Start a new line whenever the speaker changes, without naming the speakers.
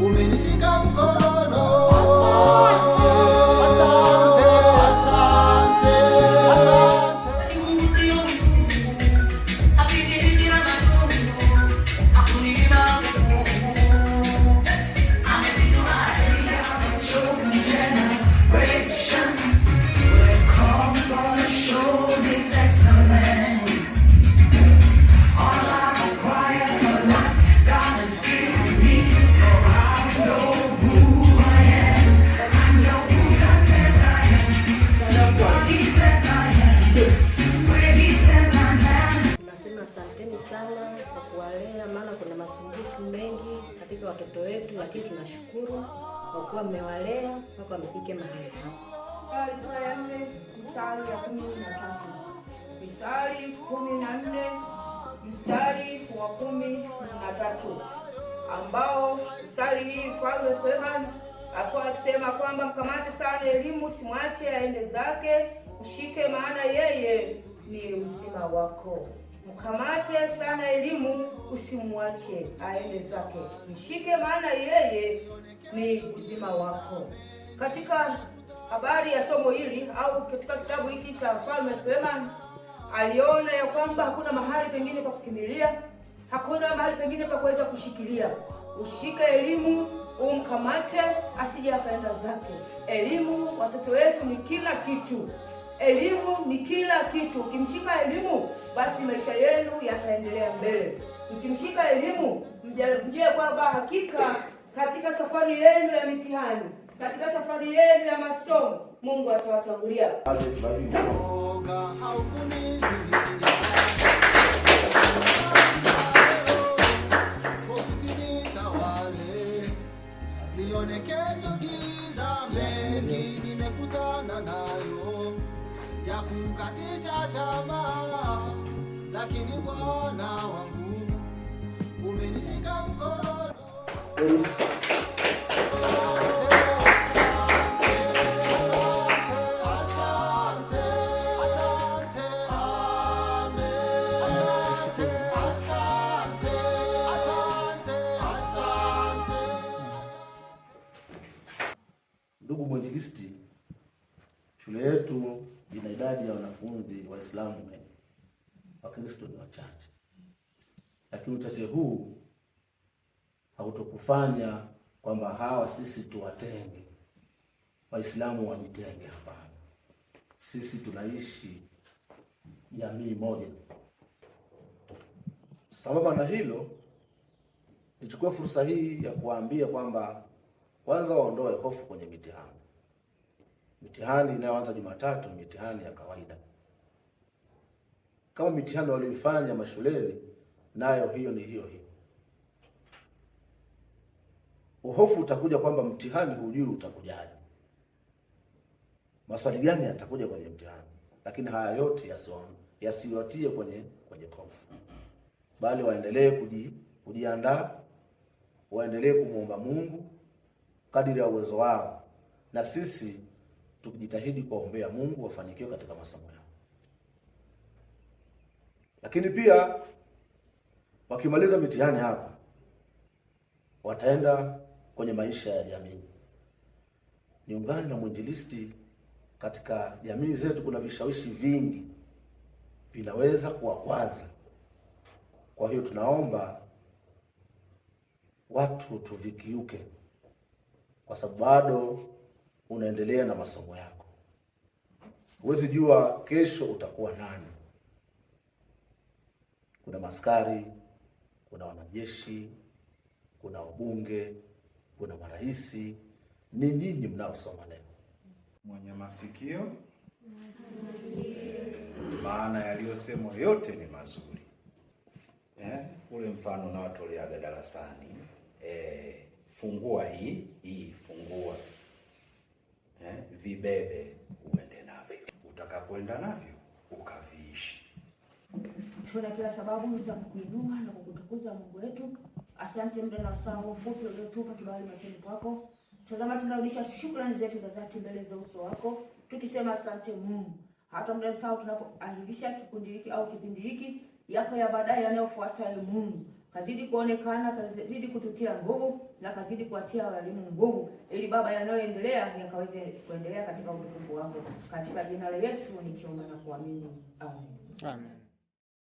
umenisika mkono
sana kwa kuwalea, maana kuna masumbufu mengi katika watoto wetu, lakini tunashukuru kwa kuwa mmewalea mpaka wamefike mahali hapa.
Sura ya nne mstari ya kumi na tatu mstari kumi na nne mstari wa kumi na tatu ambao mstari hii Mfalme Sulemani akuwa akisema kwamba mkamate sana elimu, simwache aende zake, mshike, maana yeye ni uzima wako. Mkamate sana elimu, usimwache aende zake, mshike, maana yeye ni uzima wako. Katika habari ya somo hili au katika kitabu hiki cha Mfalme Sulemani, aliona ya kwamba hakuna mahali pengine pa kukimilia, hakuna mahali pengine pa kuweza kushikilia. Ushike elimu, umkamate asije akaenda zake. Elimu, watoto wetu ni kila kitu. Elimu ni kila kitu. Ukimshika elimu, basi maisha yenu yataendelea mbele. Mkimshika elimu, mjue kwamba hakika katika safari yenu ya mitihani, katika safari yenu ya masomo, Mungu atawatangulia.
ya kukatisha tamaa, lakini Bwana wangu umenishika mkono.
Ndugu mwinjilisti Shule yetu ina idadi ya wanafunzi Waislamu wengi, Wakristo ni wachache, lakini uchache huu hautokufanya kwamba hawa sisi tuwatenge, Waislamu wajitenge. Hapana, sisi tunaishi jamii moja. sababu na hilo, nichukue fursa hii ya kuwaambia kwamba kwanza waondoe hofu kwenye mitihani. Mitihani inayoanza Jumatatu, mitihani ya kawaida kama mitihani walioifanya mashuleni, nayo hiyo ni hiyo hiyo. Uhofu utakuja kwamba mtihani hujui utakujaje, maswali gani yatakuja kwenye mtihani. Lakini haya yote yasiwatie kwenye kwenye hofu, bali waendelee kuji, kujiandaa waendelee kumwomba Mungu kadiri ya uwezo wao na sisi tukijitahidi kuwaombea Mungu wafanikiwe katika masomo yao. Lakini pia wakimaliza mitihani hapa, wataenda kwenye maisha ya jamii. Niungane na mwinjilisti katika jamii zetu, kuna vishawishi vingi vinaweza kuwakwaza. Kwa hiyo tunaomba watu tuvikiuke, kwa sababu bado unaendelea na masomo yako. Huwezi jua kesho utakuwa nani. Kuna maskari, kuna wanajeshi, kuna wabunge, kuna marais. Ni nyinyi mnaosoma leo.
Mwenye masikio maana yaliyosemwa yote ni mazuri eh? Ule mfano unaotoleaga darasani eh, fungua hii hii vibebe uende navyo, utakapoenda navyo ukaviishi.
Tuna kila sababu za kukuinua na kukutukuza Mungu wetu. Asante muda na saa huu fupi uliotupa kibali machoni pako. Tazama, tunarudisha shukrani zetu za dhati mbele za uso wako tukisema asante Mungu. Hata muda saa tunapoahirisha kikundi hiki au kipindi hiki yako ya baadaye yanayofuata, Mungu kazidi kuonekana, kazidi kututia nguvu na kazidi kuatia walimu nguvu, ili Baba yanayoendelea yakaweze kuendelea katika utukufu wako, katika jina la Yesu nikiomba na kuamini, amen, amen.